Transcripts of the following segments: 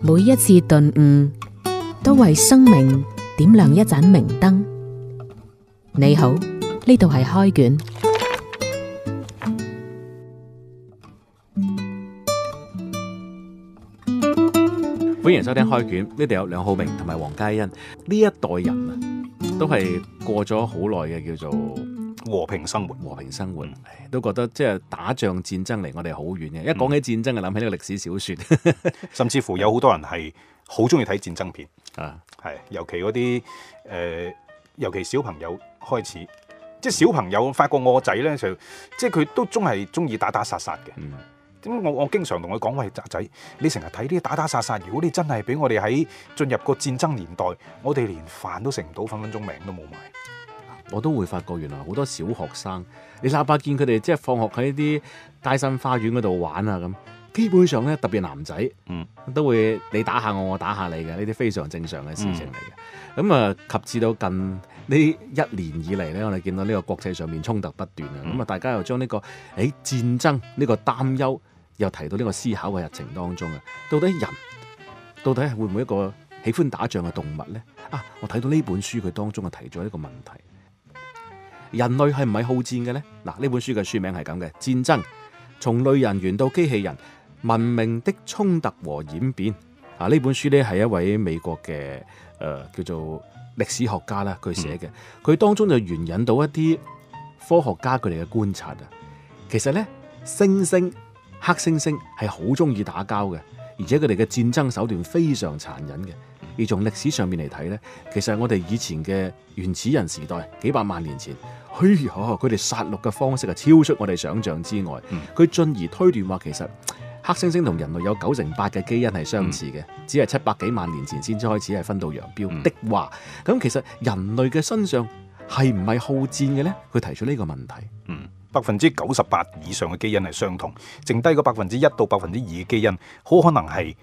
每一次頓悟，都為生命點亮一盞明燈。你好，呢度係開卷。歡迎收聽開卷，呢度有梁浩明同埋黃嘉欣。呢一代人啊，都係過咗好耐嘅叫做。和平生活，和平生活，嗯、都覺得即係、就是、打仗戰爭離我哋好遠嘅。一講起戰爭，嗯、就諗起呢個歷史小説， 甚至乎有好多人係好中意睇戰爭片啊。係，尤其嗰啲誒，尤其小朋友開始，即係小朋友發覺我個仔呢，就，即係佢都中係中意打打殺殺嘅。咁、嗯、我我經常同佢講，喂，仔你成日睇啲打打殺殺，如果你真係俾我哋喺進入個戰爭年代，我哋連飯都食唔到，分分鐘命都冇埋。我都會發覺原來好多小學生，你哪怕見佢哋即係放學喺啲街心花園嗰度玩啊咁，基本上咧特別男仔，嗯，都會你打下我，我打下你嘅呢啲非常正常嘅事情嚟嘅。咁啊、嗯，及至到近呢一年以嚟咧，我哋見到呢個國際上面衝突不斷啊，咁啊、嗯，大家又將呢個誒戰爭呢個擔憂又提到呢個思考嘅日程當中啊。到底人到底係會唔會一個喜歡打仗嘅動物呢？啊，我睇到呢本書佢當中啊提咗一個問題。人類係唔係好戰嘅呢？嗱，呢本書嘅書名係咁嘅，《戰爭：從類人猿到機器人文明的衝突和演變》啊！呢本書呢係一位美國嘅誒、呃、叫做歷史學家啦，佢寫嘅。佢、嗯、當中就援引，引到一啲科學家佢哋嘅觀察啊。其實呢，猩猩、黑猩猩係好中意打交嘅，而且佢哋嘅戰爭手段非常殘忍嘅。而從歷史上面嚟睇呢，其實係我哋以前嘅原始人時代，幾百萬年前，哎佢哋殺戮嘅方式啊，超出我哋想象之外。佢、嗯、進而推斷話，其實黑猩猩同人類有九成八嘅基因係相似嘅，嗯、只係七百幾萬年前先開始係分道揚鑣。的話、嗯，咁其實人類嘅身上係唔係好戰嘅呢？佢提出呢個問題。嗯，百分之九十八以上嘅基因係相同，剩低個百分之一到百分之二嘅基因，好可能係。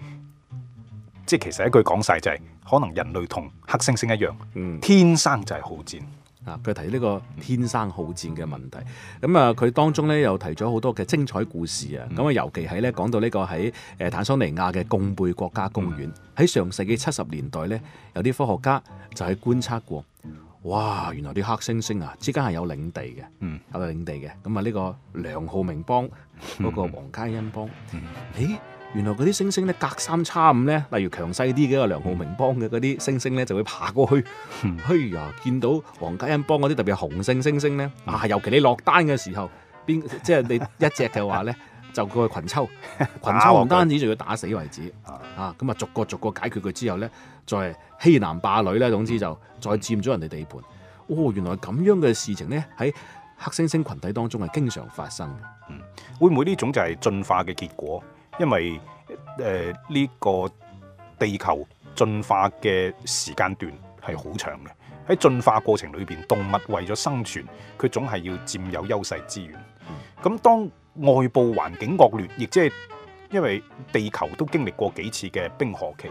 即係其實一句講晒就係、是，可能人類同黑猩猩一樣，天生就係好戰。啊、嗯，佢提呢個天生好戰嘅問題，咁啊佢當中咧又提咗好多嘅精彩故事啊。咁啊、嗯、尤其係咧講到呢個喺誒坦桑尼亞嘅貢貝國家公園，喺、嗯、上世紀七十年代咧，有啲科學家就去觀察過，哇！原來啲黑猩猩啊之間係有領地嘅，嗯、有領地嘅。咁啊呢個梁浩明幫嗰、那個黃嘉欣幫，誒、嗯？嗯原來嗰啲猩猩咧隔三差五咧，例如強勢啲嘅梁浩明幫嘅嗰啲猩猩咧，就會爬過去。哎呀、嗯，見到黃家恩幫嗰啲特別係雄性猩猩咧，嗯、啊，尤其你落單嘅時候，邊 即係你一隻嘅話咧，就叫佢群抽，群抽完單子仲要打死為止。我啊，咁啊，逐個逐個解決佢之後咧，再欺男霸女咧，總之就再佔咗人哋地盤。哦，原來咁樣嘅事情咧，喺黑猩猩群體當中係經常發生。嗯，會唔會呢種就係進化嘅結果？因為誒呢、呃呢個地球進化嘅時間段係好長嘅，喺進化過程裏邊，動物為咗生存，佢總係要占有優勢資源。咁當外部環境惡劣，亦即係因為地球都經歷過幾次嘅冰河期，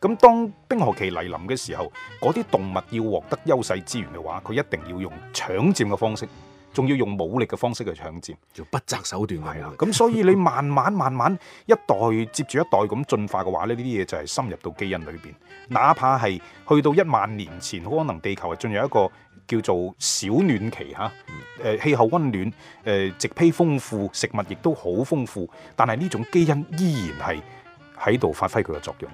咁當冰河期嚟臨嘅時候，嗰啲動物要獲得優勢資源嘅話，佢一定要用搶占嘅方式。仲要用武力嘅方式去搶佔，用不擇手段係啦。咁、啊、所以你慢慢慢慢一代接住一代咁進化嘅話咧，呢啲嘢就係深入到基因裏邊。哪怕係去到一萬年前，可能地球係進入一個叫做小暖期嚇，誒、啊、氣候溫暖，誒、呃、植被豐富，食物亦都好豐富。但係呢種基因依然係喺度發揮佢嘅作用。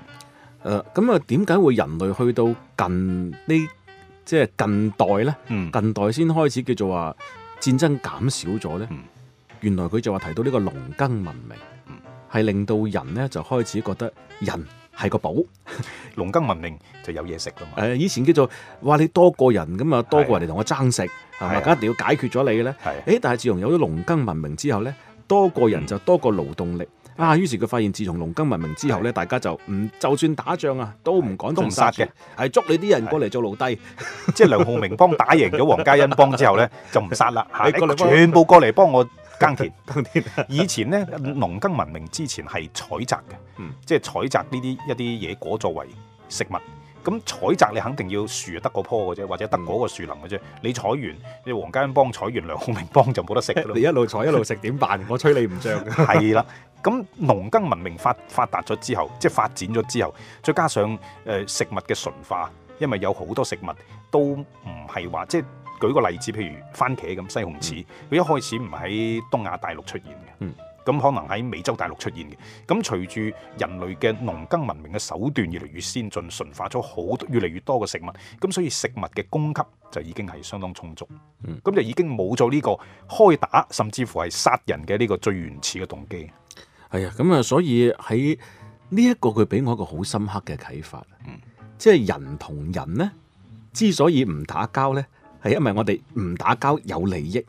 誒咁啊，點解會人類會去到近呢即係近代呢？嗯、近代先開始叫做話。戰爭減少咗呢，原來佢就話提到呢個農耕文明，係令到人呢就開始覺得人係個寶，農 耕文明就有嘢食咯。嘛，以前叫做話你多個人咁啊，多個人嚟同我爭食，係咪的？梗係一定要解決咗你嘅呢。係的，誒，但係自從有咗農耕文明之後呢，多個人就多個勞動力。嗯啊！於是佢發現，自從農耕文明之後咧，的大家就唔、嗯、就算打仗啊，都唔趕都唔殺嘅，係捉你啲人過嚟做奴隸。即係梁浩明幫打贏咗黃嘉欣幫之後咧， 就唔殺啦。你全部過嚟幫我耕田。耕田。以前咧，農耕文明之前係採摘嘅，嗯，即係採摘呢啲一啲野果作為食物。咁採摘你肯定要樹得個坡嘅啫，或者得嗰個樹林嘅啫。嗯、你採完，你黃家欣幫採完，梁浩明幫就冇得食。你一路採一路食點辦？我吹你唔漲嘅。係啦，咁農耕文明發發達咗之後，即係發展咗之後，再加上、呃、食物嘅純化，因為有好多食物都唔係話即係舉個例子，譬如番茄咁、西紅柿，佢、嗯、一開始唔喺東亞大陸出現嘅。嗯。咁可能喺美洲大陸出現嘅，咁隨住人類嘅農耕文明嘅手段越嚟越先進，馴化咗好多越嚟越多嘅食物，咁所以食物嘅供給就已經係相當充足，嗯，咁就已經冇咗呢個開打，甚至乎係殺人嘅呢個最原始嘅動機。係啊，咁啊，所以喺呢一個佢俾我一個好深刻嘅啟發，即係、嗯、人同人呢之所以唔打交呢。係因為我哋唔打交有利益，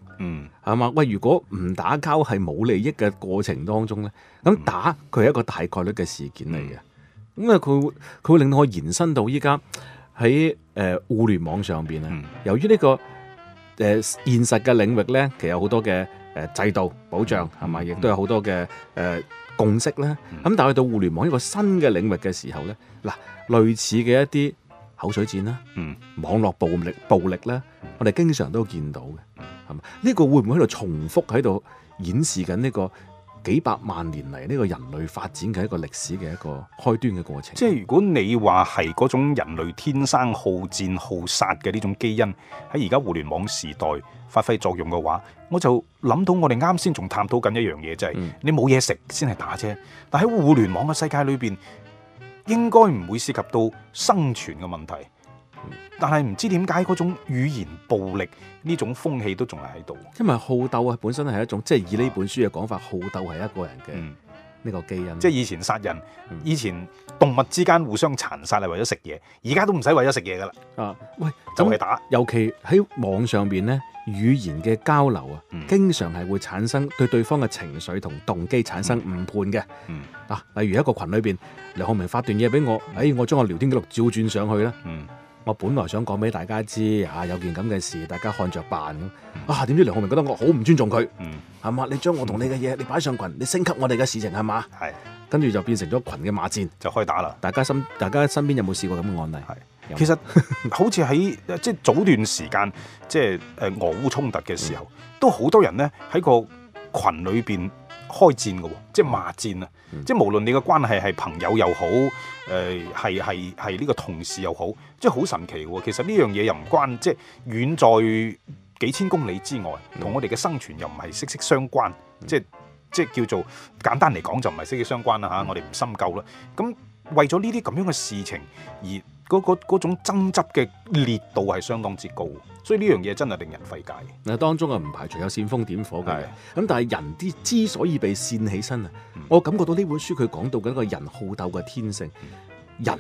係嘛？喂，如果唔打交係冇利益嘅過程當中咧，咁打佢係一個大概率嘅事件嚟嘅。咁啊、嗯，佢佢會令到我延伸到依家喺誒互聯網上邊咧。由於呢、這個誒、呃、現實嘅領域咧，其實有好多嘅誒、呃、制度保障係咪？亦、嗯、都有好多嘅誒、呃、共識啦。咁、嗯、但係去到互聯網一個新嘅領域嘅時候咧，嗱，類似嘅一啲。口水戰啦，網絡暴力暴力咧，我哋經常都見到嘅，係嘛？呢個會唔會喺度重複喺度演示緊呢個幾百萬年嚟呢個人類發展嘅一個歷史嘅一個開端嘅過程？即係如果你話係嗰種人類天生好戰好殺嘅呢種基因喺而家互聯網時代發揮作用嘅話，我就諗到我哋啱先仲探討緊一樣嘢，就係你冇嘢食先係打啫，但喺互聯網嘅世界裏邊。應該唔會涉及到生存嘅問題，但係唔知點解嗰種語言暴力呢種風氣都仲係喺度。因為好鬥啊，本身係一種即係、就是、以呢本書嘅講法，好鬥係一個人嘅呢個基因。即係、嗯就是、以前殺人，以前動物之間互相殘殺係為咗食嘢，而家都唔使為咗食嘢㗎啦。啊，喂，就係打，尤其喺網上邊呢。語言嘅交流啊，經常係會產生對對方嘅情緒同動機產生誤判嘅。嗯嗯、啊，例如一個群裏邊，梁浩明發段嘢俾我，哎，我將我聊天記錄照轉上去啦。嗯、我本來想講俾大家知嚇、啊，有件咁嘅事，大家看着辦。啊，點知梁浩明覺得我好唔尊重佢，係嘛、嗯？你將我同你嘅嘢，你擺上群，你升級我哋嘅事情係嘛？係，跟住是就變成咗群嘅罵戰，就開打啦。大家身，大家身邊有冇試過咁嘅案例？其實好似喺即係早段時間，即係誒俄烏衝突嘅時候，嗯、都好多人咧喺個群裏邊開戰嘅，即係罵戰啊！嗯、即係無論你嘅關係係朋友又好，誒係係係呢個同事又好，即係好神奇喎！其實呢樣嘢又唔關，即係遠在幾千公里之外，同我哋嘅生存又唔係息息相關，嗯、即係即係叫做簡單嚟講就唔係息息相關啦嚇、嗯啊，我哋唔深究啦。咁。為咗呢啲咁樣嘅事情而嗰、嗰個嗰種爭執嘅烈度係相當之高，所以呢樣嘢真係令人費解。嗱，當中啊唔排除有煽風點火嘅，咁的但係人啲之所以被煽起身啊，嗯、我感覺到呢本書佢講到嘅一個人好鬥嘅天性，嗯、人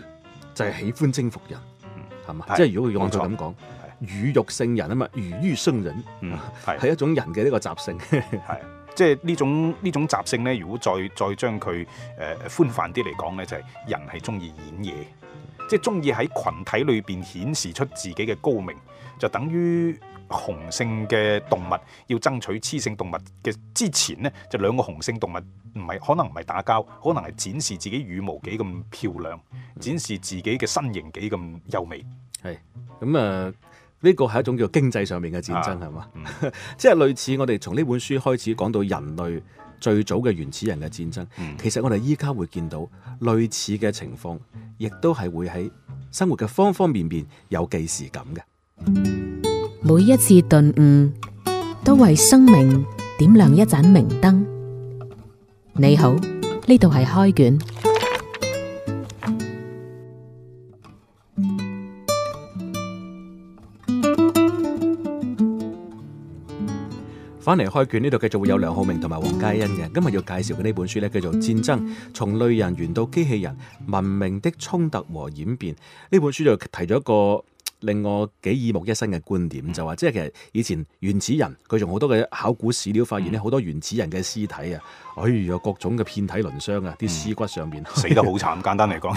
就係喜歡征服人，係嘛？即係如果佢按佢咁講，魚肉性人啊嘛，魚欲生人，係、嗯、的一種人嘅呢個習性。即係呢種呢種習性咧，如果再再將佢誒誒寬泛啲嚟講咧，就係、是、人係中意演嘢，即係中意喺群體裏邊顯示出自己嘅高明，就等於雄性嘅動物要爭取雌性動物嘅之前咧，就兩個雄性動物唔係可能唔係打交，可能係展示自己羽毛幾咁漂亮，嗯、展示自己嘅身形幾咁優美。係，咁啊。Uh 呢個係一種叫經濟上面嘅戰爭，係嘛、啊？吧 即係類似我哋從呢本書開始講到人類最早嘅原始人嘅戰爭。嗯、其實我哋依家會見到類似嘅情況，亦都係會喺生活嘅方方面面有記時感嘅。每一次頓悟都為生命點亮一盞明燈。你好，呢度係開卷。翻嚟開卷呢度，繼續會有梁浩明同埋黃嘉欣嘅。今日要介紹嘅呢本書呢，叫做《戰爭：從類人猿到機器人：文明的衝突和演變》。呢本書就提咗一個令我幾耳目一新嘅觀點，嗯、就話即係其實以前原始人，佢仲好多嘅考古史料發現咧，好、嗯、多原始人嘅屍體啊，哎呀各種嘅遍體鱗傷啊，啲屍、嗯、骨上面死得好慘。 簡單嚟講，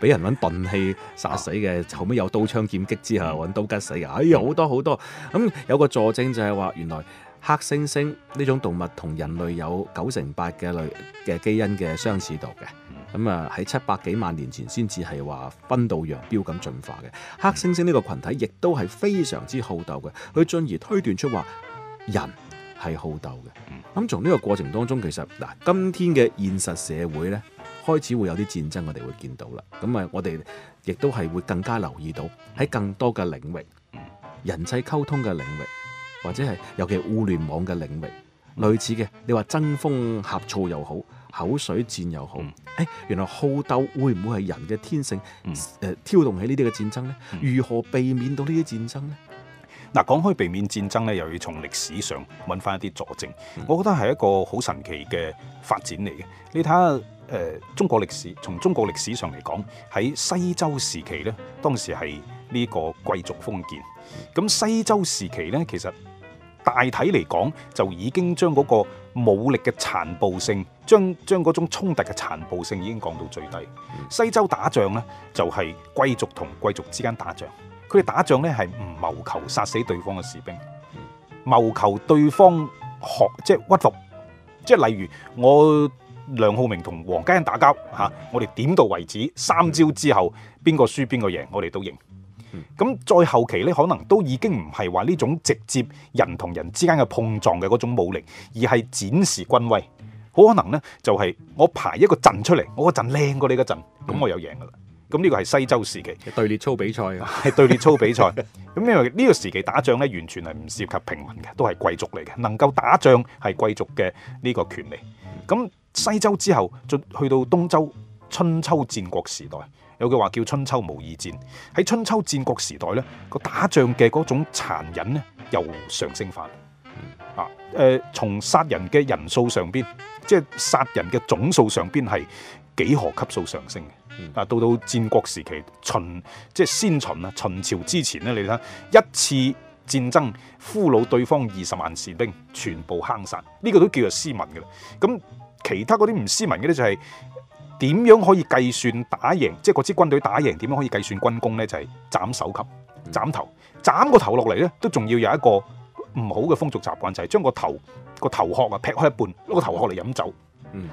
俾 人揾鈍器殺死嘅，啊、後尾有刀槍劍擊之後揾刀吉死啊，哎呀好多好多。咁有個佐證就係話，原來。黑猩猩呢種動物同人類有九成八嘅類嘅基因嘅相似度嘅，咁啊喺七百幾萬年前先至係話分道揚鑣咁進化嘅。嗯、黑猩猩呢個群體亦都係非常之好鬥嘅，佢進而推斷出話人係好鬥嘅。咁、嗯嗯、從呢個過程當中，其實嗱，今天嘅現實社會呢，開始會有啲戰爭，我哋會見到啦。咁啊，我哋亦都係會更加留意到喺更多嘅領域、人際溝通嘅領域，或者係尤其係互聯網嘅領域，類似嘅，你話爭風呷醋又好，口水戰又好，誒、嗯，原來好鬥會唔會係人嘅天性？誒、嗯呃，挑動起呢啲嘅戰爭呢？如何避免到呢啲戰爭呢？嗱，講開避免戰爭咧，又要從歷史上揾翻一啲佐證。我覺得係一個好神奇嘅發展嚟嘅。你睇下，誒、呃，中國歷史，從中國歷史上嚟講，喺西周時期咧，當時係。呢個貴族封建咁西周時期呢，其實大體嚟講就已經將嗰個武力嘅殘暴性，將將嗰種衝突嘅殘暴性已經降到最低。嗯、西周打仗呢，就係、是、貴族同貴族之間打仗，佢哋打仗呢，係唔謀求殺死對方嘅士兵，嗯、謀求對方學即係屈服，即係例如我梁浩明同黃家欣打交吓、嗯啊，我哋點到為止，三招之後邊個輸邊個贏，我哋都認。咁再、嗯、後期咧，可能都已經唔係話呢種直接人同人之間嘅碰撞嘅嗰種武力，而係展示軍威。好可能呢，就係、是、我排一個陣出嚟，我個陣靚過你陣那、嗯、那個陣，咁我有贏噶啦。咁呢個係西周時期，隊列操比賽啊，係隊列操比賽。咁 因為呢個時期打仗呢，完全係唔涉及平民嘅，都係貴族嚟嘅。能夠打仗係貴族嘅呢個權利。咁、嗯、西周之後就去到東周春秋戰國時代。有句話叫春秋無義戰，喺春秋戰國時代，呢個打仗嘅嗰種殘忍咧又上升翻、嗯、啊！誒、呃，從殺人嘅人數上邊，即係殺人嘅總數上邊係幾何級數上升嘅、嗯、啊！到到戰國時期，秦即係先秦啊，秦朝之前咧，你睇一次戰爭俘虜對方二十萬士兵，全部坑殺，呢、這個都叫做斯文嘅啦。咁其他嗰啲唔斯文嘅呢、就是，就係。點樣可以計算打贏？即係嗰支軍隊打贏點樣可以計算軍功呢？就係、是、斬首級、斬頭、斬個頭落嚟呢，都仲要有一個唔好嘅風俗習慣，就係將個頭個頭殼啊劈開一半，攞個頭殼嚟飲酒，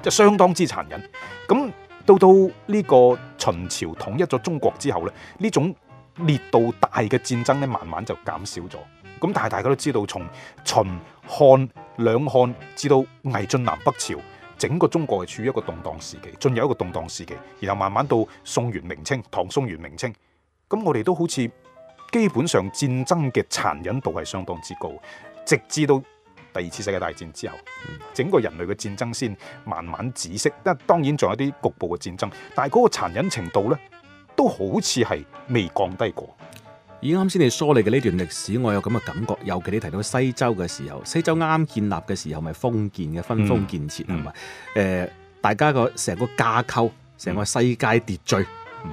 即相當之殘忍。咁到到呢個秦朝統一咗中國之後呢，呢種烈度大嘅戰爭呢，慢慢就減少咗。咁但係大家都知道，從秦漢兩漢至到魏晉南北朝。整個中國係處於一個動盪時期，進入一個動盪時期，然後慢慢到宋元明清、唐宋元明清，咁我哋都好似基本上戰爭嘅殘忍度係相當之高，直至到第二次世界大戰之後，整個人類嘅戰爭先慢慢止息。當然，仲有啲局部嘅戰爭，但係嗰個殘忍程度呢，都好似係未降低過。以啱先你梳理嘅呢段歷史，我有咁嘅感覺。尤其你提到西周嘅時候，西周啱啱建立嘅時候，咪封建嘅分封建設，係咪、嗯？誒、嗯呃，大家個成個架構，成個世界秩序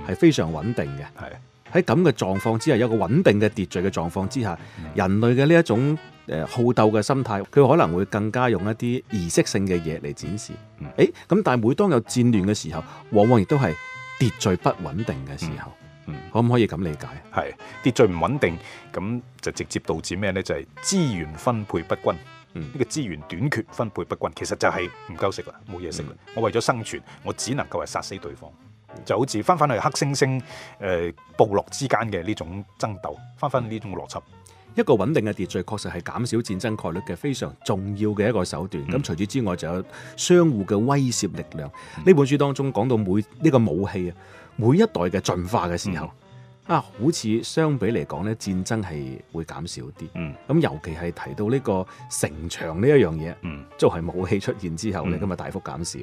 係非常穩定嘅。係喺咁嘅狀況之下，有個穩定嘅秩序嘅狀況之下，人類嘅呢一種誒好鬥嘅心態，佢可能會更加用一啲儀式性嘅嘢嚟展示。誒咁，但係每當有戰亂嘅時候，往往亦都係秩序不穩定嘅時候。嗯嗯，可唔可以咁理解？係秩序唔穩定，咁就直接導致咩呢？就係、是、資源分配不均。嗯，呢個資源短缺分配不均，其實就係唔夠食啦，冇嘢食啦。嗯、我為咗生存，我只能夠係殺死對方。就好似翻翻去黑猩猩誒部、呃、落之間嘅呢種爭鬥，翻翻呢種邏輯。一個穩定嘅秩序確實係減少戰爭概率嘅非常重要嘅一個手段。咁、嗯、除此之外，就有相互嘅威懾力量。呢、嗯、本書當中講到每呢、這個武器啊。.每一代嘅進化嘅時候、嗯、啊，好似相比嚟講咧，戰爭係會減少啲。嗯，咁尤其係提到呢個城牆呢一樣嘢，嗯，即係武器出現之後咧，今日、嗯、大幅減少。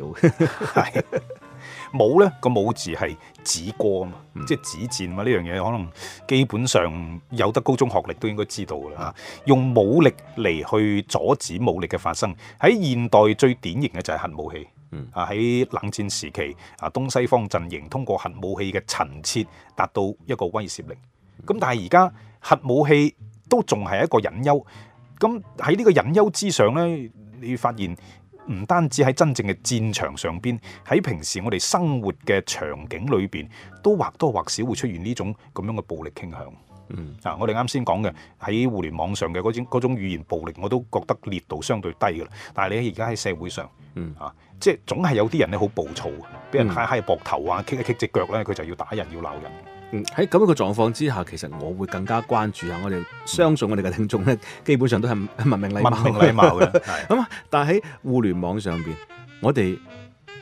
係， 武咧，個武字係止戈啊嘛，即係止戰嘛。呢樣嘢可能基本上有得高中學歷都應該知道啦、嗯啊。用武力嚟去阻止武力嘅發生，喺現代最典型嘅就係核武器。嗯，啊喺冷戰時期，啊東西方陣營通過核武器嘅陳設達到一個威懾力。咁但係而家核武器都仲係一個隱憂。咁喺呢個隱憂之上呢，你發現唔單止喺真正嘅戰場上邊，喺平時我哋生活嘅場景裏邊，都或多或少會出現呢種咁樣嘅暴力傾向。嗯、啊、我哋啱先講嘅喺互聯網上嘅嗰種嗰種語言暴力，我都覺得烈度相對低噶啦。但係你而家喺社會上，嗯啊，即係總係有啲人咧好暴躁，俾人嗨嗨膊頭啊 kick 一 kick 隻腳咧，佢就要打人要鬧人。喺咁樣嘅狀況之下，其實我會更加關注下我哋相信我哋嘅聽眾咧，嗯、基本上都係文明禮貌。文明禮貌嘅，咁 但係喺互聯網上面，我哋。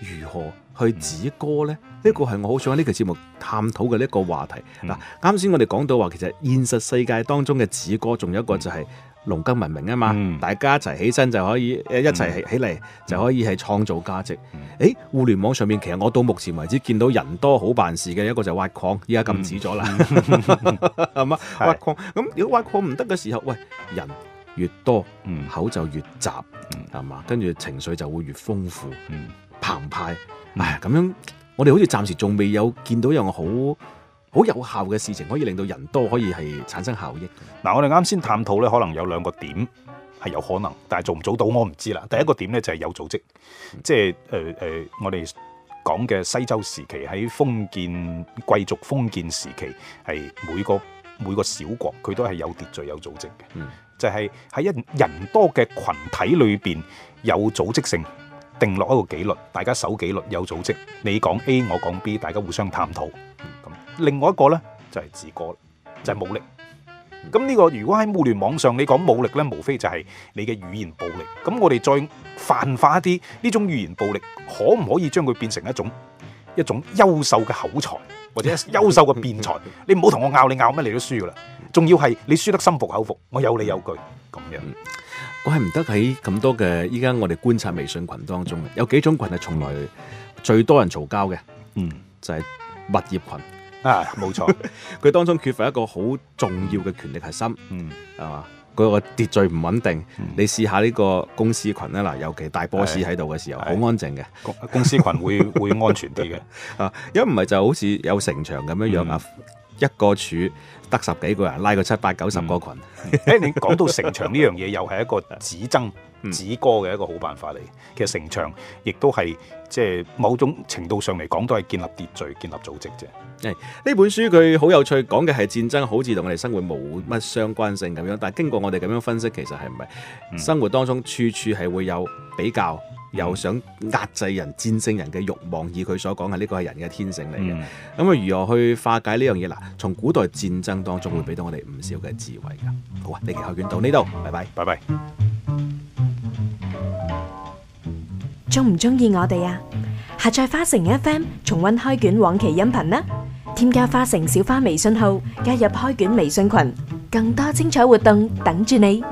如何去止戈呢？呢、嗯、個係我好想喺呢期節目探討嘅一個話題。嗱、嗯，啱先我哋講到話，其實現實世界當中嘅止戈，仲有一個就係農耕文明啊嘛。嗯、大家一齊起，起身就可以，一齊係起嚟，嗯、就可以係創造價值。嗯、誒，互聯網上面其實我到目前為止見到人多好辦事嘅一個就係挖礦，依家禁止咗啦。係嘛，挖礦咁如果挖礦唔得嘅時候，喂，人越多口就越雜，係嘛，嗯，跟住情緒就會越豐富。嗯澎湃，係咁樣，我哋好似暫時仲未有見到一樣好好有效嘅事情可，可以令到人多可以係產生效益。嗱、啊，我哋啱先探討咧，可能有兩個點係有可能，但係做唔做到我唔知啦。第一個點咧就係有組織，即係誒誒，我哋講嘅西周時期喺封建貴族封建時期，係每個每個小國佢都係有秩序有組織嘅，嗯、就係喺一人多嘅群體裏邊有組織性。定落一個紀律，大家守紀律，有組織。你講 A，我講 B，大家互相探討。咁另外一個呢就係自個，就係武力。咁呢個如果喺互聯網上，你講武力呢，無非就係你嘅語言暴力。咁我哋再泛化一啲，呢種語言暴力可唔可以將佢變成一種一種優秀嘅口才，或者優秀嘅辯才？你唔好同我拗，你拗乜你都輸噶啦。仲要係你輸得心服口服，我有理有據咁樣。怪不在這麼在我係唔得喺咁多嘅，依家我哋觀察微信群當中，有幾種群係從來最多人嘈交嘅，嗯，就係物業群，啊，冇錯，佢 當中缺乏一個好重要嘅權力核心，嗯，係嘛，佢個秩序唔穩定，嗯、你試下呢個公司群咧嗱，尤其大 boss 喺度嘅時候，好是安靜嘅，公司群會 會安全啲嘅，啊，一唔係就好似有城牆咁樣樣啊。一個柱得十幾個人，拉個七八九十個群。誒、嗯， 你講到城牆呢樣嘢，又係一個止爭、嗯、止戈嘅一個好辦法嚟。其實城牆亦都係即係某種程度上嚟講，都係建立秩序、建立組織啫。誒、嗯，呢本書佢好有趣，講嘅係戰爭，好似同我哋生活冇乜相關性咁樣。嗯、但係經過我哋咁樣分析，其實係唔係生活當中處處係會有比較。又想壓制人、戰勝人嘅慾望，以佢所講嘅呢個係人嘅天性嚟嘅。咁啊、嗯，如何去化解這呢樣嘢嗱？從古代戰爭當中會俾到我哋唔少嘅智慧噶。好啊，呢期開卷到呢度，拜拜，拜拜。中唔中意我哋啊？下載花城 FM，重温開卷往期音頻啦。添加花城小花微信號，加入開卷微信群，更多精彩活動等住你。